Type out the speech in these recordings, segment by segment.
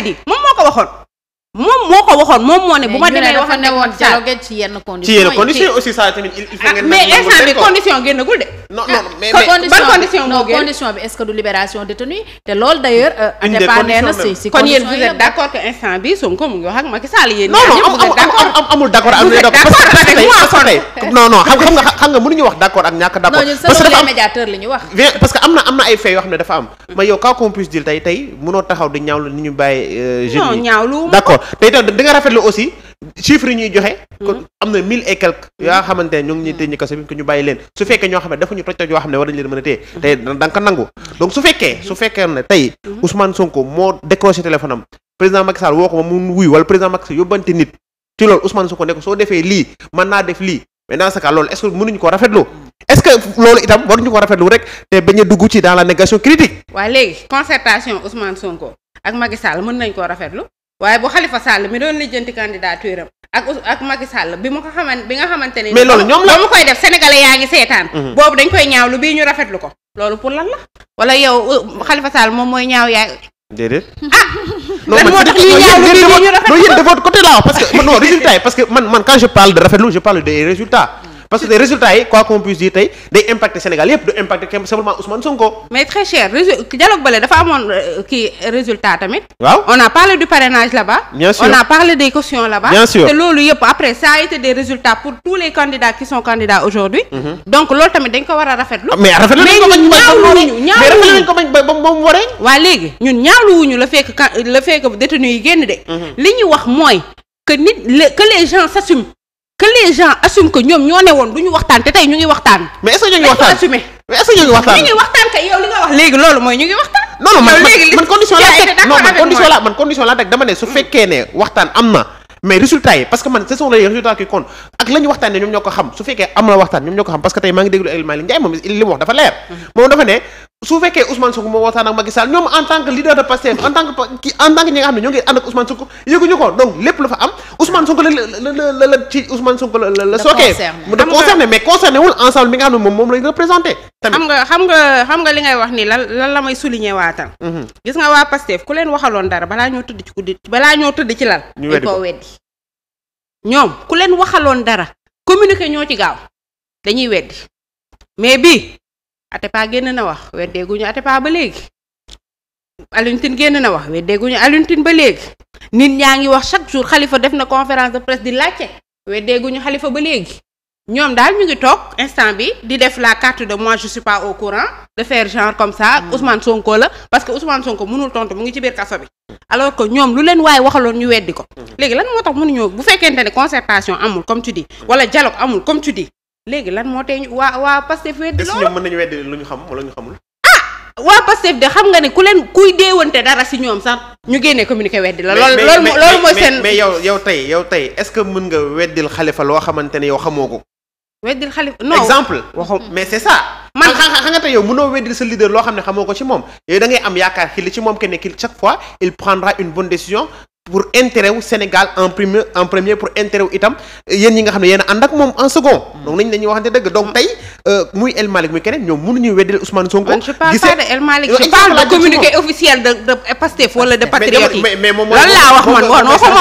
crédit moom moo ko waxoon moom moo ko waxoon moom moo ne bu ma demee wax ne woon ci yenn conditions ci yenn conditions aussi ça tamit il faut ah, ngeen mais instant bi condition génnagul de. non non ah, mais ban condition moo génn condition bi est-ce que du libération détenu te loolu d'ailleurs. Euh, dépendé na si si kon yéen vous êtes d'accord bi Sonko mu ngi wax ak Macky Sall yéen. non non amul d'accord amul d'accord non xam nga xam nga mënuñu wax d'accord ak ñàkk d'accord. parce ñu wax. parce que am na am na ay faits yoo xam ne dafa am. ma yow quand qu'on puisse dire tey tey mënoo te itam da nga rafetlu aussi chiffre ñuy joxe. Mm-hmm. kon am na mille et quelques. yoo xamante ne ñoo ngi ñuy tëj ñu mm-hmm. kaso ñu bàyyi leen su fekkee ñoo xam ne dafa ñu toj toj yoo xam ne war nañ leen mën a téye. tey mm-hmm. da nga ko président Macky Sall woo ko ma mu wuyu wala président Macky Sall yóbbante lii mën naa def lii mais dans ce cas loolu est-ce que mënuñu ko rafetlu. est-ce que loolu itam waruñu ko rafetlu rek a dugg ci dans la négation critique. waaye léegi ak Macky mën nañ koo rafetlu. waaye bu xalifa Sall mi doon lijjanti candidature am ak ak Macky Sall bi mu ko xamante bi nga xamante ne. mais loolu ñoom la mu koy def sénégalais yaa ngi seetaan. Mhm. boobu dañ koy lu bii ñu rafetlu ko. loolu pour lan la wala yow euh, Khalifa Sall moom mooy ñaaw yaa. déedéet. ah lan moo tax ñuy ñaawlu ñu rafetlu ko non yéen de votre côté laa wax parce que résultat yi parce que man man quand je parle de rafetlu je parle des résultats. parce que tey résultats yi quoi qu'on puisse dire tey day impacter Sénégal yépp du impacter kenn simplement Ousmane Sonko. mais très cher résu dialogue bële dafa amoon euh, kii résultat tamit. waaw on a parlé du parrainage là-bas. bien sûr on a parlé des cautions là-bas. bien sûr te loolu yépp après ça été des résultats pour tous les candidats qui sont candidats aujourd'hui mhm. donc loolu tamit dañ ko war a rafetlu. Ah, mais rafetlu nañ ko bañ ba mu waree. waa léegi ñun ñaawluwuñu la fekk la que les gens assument que ñoom ñoo ne woon du ñu waxtaan te tey ñu ngi waxtaan. mais est ce ngi waxtaan loolu mooy ñu ngi waxtaan. man man condition laa teg dama ne su mm. fekkee ne waxtaan am na. mais résultat yi parce que man ce sont les résultats ak la ñu waxtaanee ñoom ñoo ko xam su fekkee am na waxtaan ñoom ñoo ko xam parce que tey maa ngi déglu El Malick Ndiaye moom li mu wax dafa leer. Mm. moom dafa ne su fekkee Ousmane Sonko moo waxtaan ak Macky ñoom en tant que de Pastef en en tant xam ne ñoo ngi ànd ak Ousmane Sonko yëguñu ko donc lépp la fa am Ousmane Sonko la la la la wax ni lan lan la may souligner waatal mhm. gis nga waa Pastef ku leen waxaloon dara balaa ñoo tëdd ci guddi balaa ñoo tëdd ci lal dañ koo weddi ñoom ku leen waxaloon dara communiqué ñoo ci gaaw dañuy weddi mais bii Atepa génn na wax weddeeguñu Atepa ba léegi Alioune Tine génn na wax weddeeguñu Alioune Tine ba léegi nit ñaa ngi wax chaque jour Khalifa def na conférence de presse di laajte weddeeguñu xalifa ba léegi ñoom daal ñu ngi toog instant bi di def la carte de moi je suis pas au courant de faire genre comme ça mm. Sonko la parce que Ousmane Sonko mënul tontu mu ngi ci biir kaso bi alors que ñoom lu leen waaye waxaloon ñu weddi ko hmm. léegi lan moo tax mënuñoo bu fekkente ne concertation amul comme tu dis amul comme léegi lan moo tee waa waa Pastef weddi loolu ñoom mën nañu weddi lu ñu xam wala ñu xamul. ah waa Pastef de xam nga ne ku leen kuy deewante dara si ñoom sax ñu génnee communiqué weddi la. loolu loolu loolu mooy seen mais yow yow tey yow est-ce nga weddil xalifa loo xamante ne yow xamoo ko. weddil xalifa non exemple. waxu mm. mais c'est ça. man xam nga tey yow mënoo weddil sa leader loo xam ne xamoo ko ci moom yooyu da ngay am yaakaar xili ci moom que ne chaque fois il pour intérêt wu Sénégal en premier en premier pour intérêt wu itam yéen ñi nga xam ne yéen a ak moom en second. donc nañ dañuy waxante dëgg donc tey euh, ñoom Sonko. gisee de El Malick euh, de communiqué officiel de de moom waxuma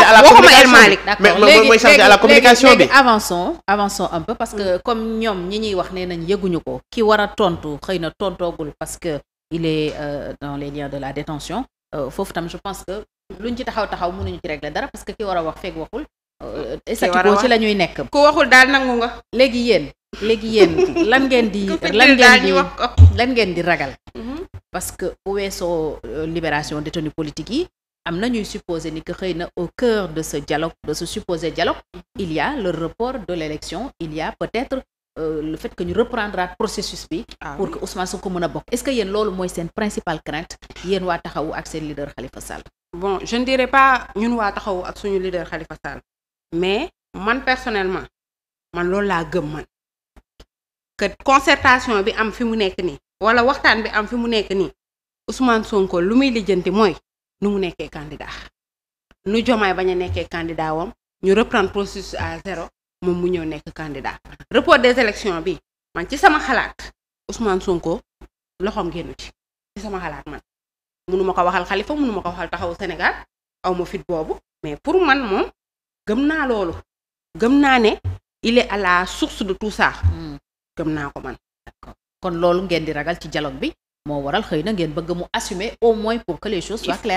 El Malick. d'accord léegi léegi léegi avançons avançons un parce que comme ñoom ñi ñuy wax nee nañ yëguñu ko ki war a tontu xëy na tontoogul parce que il est euh, dans les liens de la détention foofu tam je pense que luñ ci taxaw taxaw mënuñu ci régler dara parce que ki war a wax feeg waxul. Euh, statut ci la ñuy nekk. ku waxul daal nangu nga. léegi yéen léegi yéen lan ngeen di. lan ngeen di lan ngeen di ragal. Mhm. parce que bu weesoo euh, libération détenus politique yi am na ñuy supposer ni que xëy na au cœur de ce dialogue de ce supposé dialogue mhm. il y le report de l'élection il y a Euh, le fait que ñu reprendraat processus bi. Ah pour que Ousmane Sonko mën a bokk. est-ce que yéen loolu mooy seen principale crainte yéen waa taxawu ak seen leader Khalifa Sall. bon je ne dirais pas ñun waa taxawu ak suñu leader Khalifa Sall mais man personnellement man loolu laa gëm man que concertation bi am fi mu nekk nii. wala waxtaan bi am fi mu nekk nii Ousmane Sonko lu muy lijjanti mooy nu mu nekkee candidat nu Diomaye bañ nekkee candidat ñu reprendre processus moom mu ñëw nekk candidat report des élections bi man ci sama xalaat Ousmane Sonko loxoom génnu ci sama xalaat man munu ko waxal xalifa munu ma ko waxal taxawu Sénégal aw ma fit boobu mais pour man moom gëm naa loolu gëm naa ne il est à la source de tout ça. Hmm. gëm naa ko man. kon loolu ngeen di ragal ci dialogue bi moo waral xëy na ngeen bëgg mu assumer au moins pour que les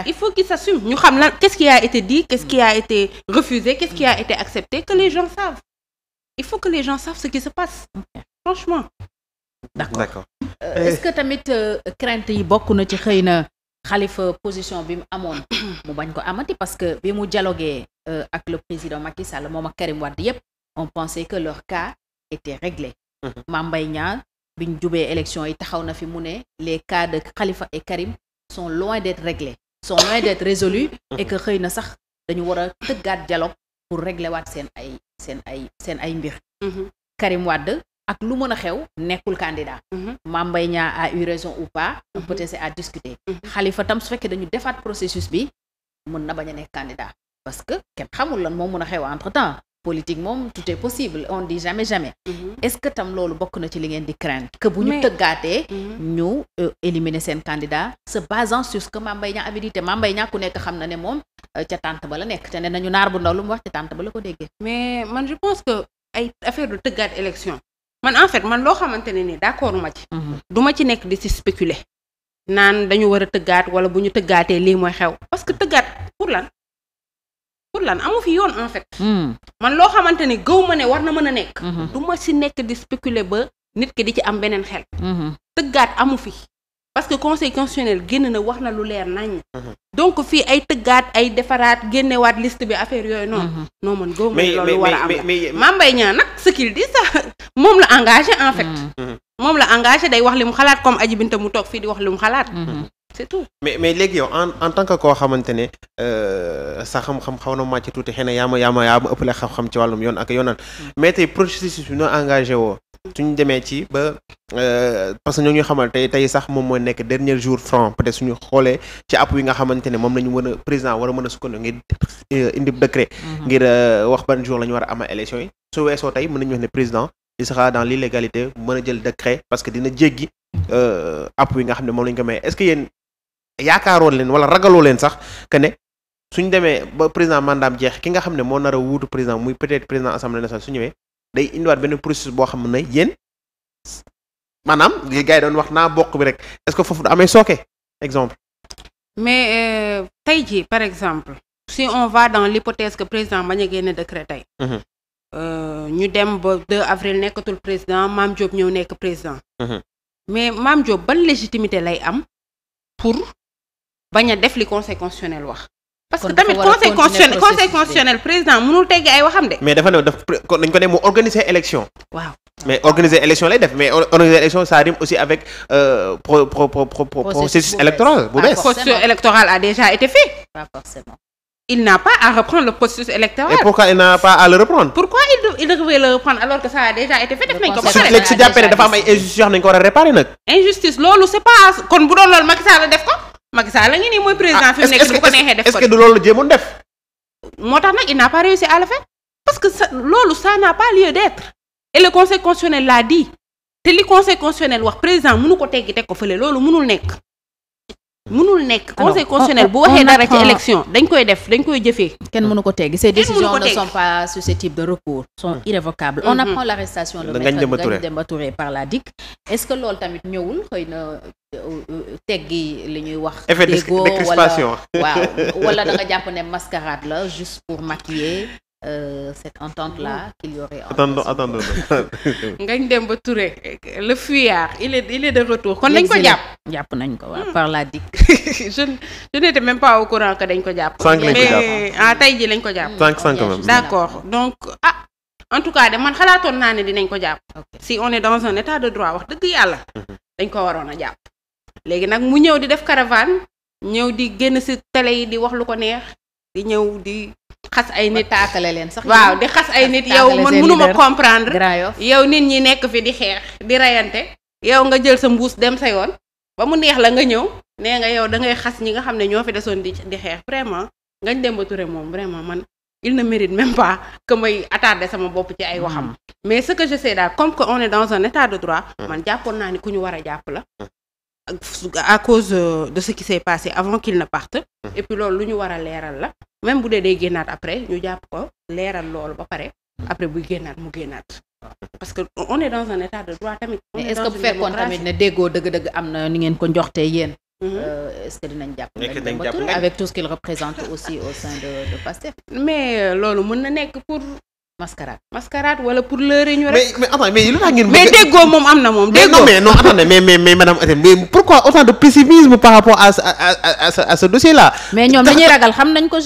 il faut qu'il s'assume ñu xam lan quest a été dit qu'est-ce hmm. qui été refusé quest il faut que les gens savent ce qui se passe franchement d'accord euh, est que tamit euh, crainte yi bokk na ci xëy na Khalifa position bi mu amoon mu bañ ko amati parce que bi mu dialogué euh, ak le président Macky Sall moom a Karim Wade yépp on pensait que leur cas était réglé mhm. Mame Mbaye Niang biñ jubee élection yi taxaw na fi mu ne les cas de Khalifa et Karim sont loin d'être réglés sont loin d'être résolus mhm. et que xëy na sax dañu war a tëggaat dialogue pour régler waat seen ay seen ay seen ay mbir mm-hmm. Karim Wade ak lu mën a xew nekkul candidat mm-hmm. Mame Mbaye Niang a eu raison ou mm-hmm. à discuter Khalifa tam su fekkee dañu defaat processus bi mën na bañ a nekk candidat parce que kenn xamul lan moo mën a xew entre temps politique moom tout est possible on dit jamais jamais mm -hmm. est-ce que tam loolu bokk na ci li ngeen di craindre que bu ñu tëggaatee ñu euh, éliminer seen candidat se basant sur que Mame Mbaye Niang avait dit ku nekk xam na ne moom Euh, ca tànt ba la nekk te ne nañu naar bu ndaw lu mu wax ca tànt ba la ko déggee. mais man je pense que ay affaire du tëggaat élection man en fait man loo xamante ne ni d'accord ma ci. Mhm. du ma ci nekk di si spéculer. naan dañu war a tëggaat wala bu ñu tëggaatee lii mooy xew parce que tëggaat pour lan pour lan amu fi yoon en fait. Hmm. man loo xamante ni gëw ma ne war na mën a nekk. Mhm. du ma si nekk di spéculer ba nit ki di ci am beneen xel. Mhm. tëggaat amu fi. parce que conseil constitutionnel génn na wax na lu leer nañ mhm. donc fii ay tëggaat ay defaraat génnewaat liste bi affaire yooyu noonu mhm. noo man gëw ma loolu war a am la Mame Mbaye Niang nag ce qu'il dit sax moom la engage en fait mhm. moom la engagé day wax li mu xalaat comme Adji Binta mu toog fii di wax li mu xalaat c'est tout mais léegi yow en en tant que koo xamante ne euh, sa xam-xam xaw na màcc tuuti xëy na yaa ma yaa ma yaa ma ëppale xam ci wàllum yoon ak yoonaan mais tey processus engagé woo ñu demee ci ba euh, parce que ñoo ñu xamal tey tey sax moom mooy nekk dernier jour franc peut-être suñu xoolee ci app yi nga xamante ne moom la ñu mën a président war mën a sukkandiku ngir euh, indi décret. Mhm. ngir euh, wax ban jour la ñu war a amal élection yi su tey mën nañu wax ne président il sera dans mën a jël décret parce que dina jéggi app yi nga xam ne moom la ñu ko may est-ce yaakaaroon leen wala ragaloo leen sax que ne. suñ demee ba président mandaam jeex ki nga xam ne moo nar a wuutu président muy peut-être président assemblée nationale su ñëwee day indiwaat benn processus boo xam ne yéen maanaam li doon wax naa bokk bi rek est-ce que foofu da amee sooke exemple. mais euh, tey euh, jii par exemple si on va dans l'hypothèse que président bañ a génne décret tey. Mhm. Euh, ñu dem ba 2 avril nekkatul président maam Diop ñëw nekk président. Mhm. mais maam Diop ban légitimité lay am pour bañ a def li conseil constitutionnel wax. parce que tamit conseil constitutionnel conseil constitutionnel président mënul teggi ay waxam mais dafa ne daf kon dañu organiser élection. mais organiser élection lay def mais organiser élection ça rime aussi avec euh, processus électoral bu ah, bees. électoral a déjà été fait. il n'a pas à reprendre le processus électoral. et pourquoi il n'a pas à le reprendre. pourquoi il devrait le reprendre alors que ça a déjà été fait def nañ ko. a réparer nag. injustice loolu Macky Sall la ngi nii mooy président ah, fi mu nekk bu ko neexee def ko du loolu la jéemoon def. moo tax nag il n'a pas réussi à le faire parce que sa loolu ça n'a pas lieu d'être et le conseil constitutionnel l'a dit te li conseil constitutionnel wax président munu ko teggi teg ko fële loolu mënul nekk. mënul nekk ah conseil constitutionnel bu waxee ah, dara ci ah. élection dañ koy def dañ koy jëfee. kenn mënu ko teggi ces décisions ne sont pas susceptibles de recours sont hmm. irrévocables. on hmm, hmm. apprend l'arrestation de Ngagne Demba Touré par la DIC. est-ce que lool tamit ñëwul xëy na euh, euh, teggi li ñuy wax. effet de décrispation déggoo wala waaw wala da nga jàpp ne la juste pour maquiller. euh, cette entente-là mm. qu'il y aurait. Attendons, attendons. Ngagne le fuyard il est de kon dañ ko jàpp nañ ko waaw mm. par la DIC. je je même pas au courant dañ ko jàpp. sànq lañ ko jàpp mais ah, jii lañ ko jàpp. sànq sànq même d'accord donc a ah, en tout cas de man xalaatoon naa ne dinañ ko jàpp. si on est dans un état de droit wax dëgg yàlla. Mhm. dañ ko waroon a jàpp. léegi nag mu ñëw di def caravane ñëw di génn si télé yi di wax lu ko neex di ñëw di xas ay nit taakale leen sax waaw di xas ay nit yow man mënuma comprendre yow nit ñi nekk fi di xeex di reyante yow nga jël sa mbuus dem sa yoon ba mu neex la nga ñëw nee nga yow da ngay xas ñi nga xam ne ñoo fi desoon di di xeex vraiment ngañ dem ba toure moom vraiment man il na mérite même pas que may attardé sama bopp ci ay waxam hmm. mais ce que je sais comme que on est dans un état de droit hmm. man jàppoon naa ni ku ñu war a jàpp la hmm. a cause euh, de ce qui s'est passé avant qu'il ne parte et loolu lu ñu war a leeral la même bu dee day génnaat après ñu jàpp ko leeral loolu ba pare après buy génnaat mu génnaat parce que on est dans un état de droit tamit. on est na ni ngeen ko njoxtee yéen. Mhm. Euh, est-ce que euh, mën na nekk pour. mascarade mascarade wala pour leurrer ñu rek. mais mais moom am na moom. déggoo mais pourquoi autant de pessimisme par rapport à ce dossier là. mais ñoom dañuy ragal xam nañ ko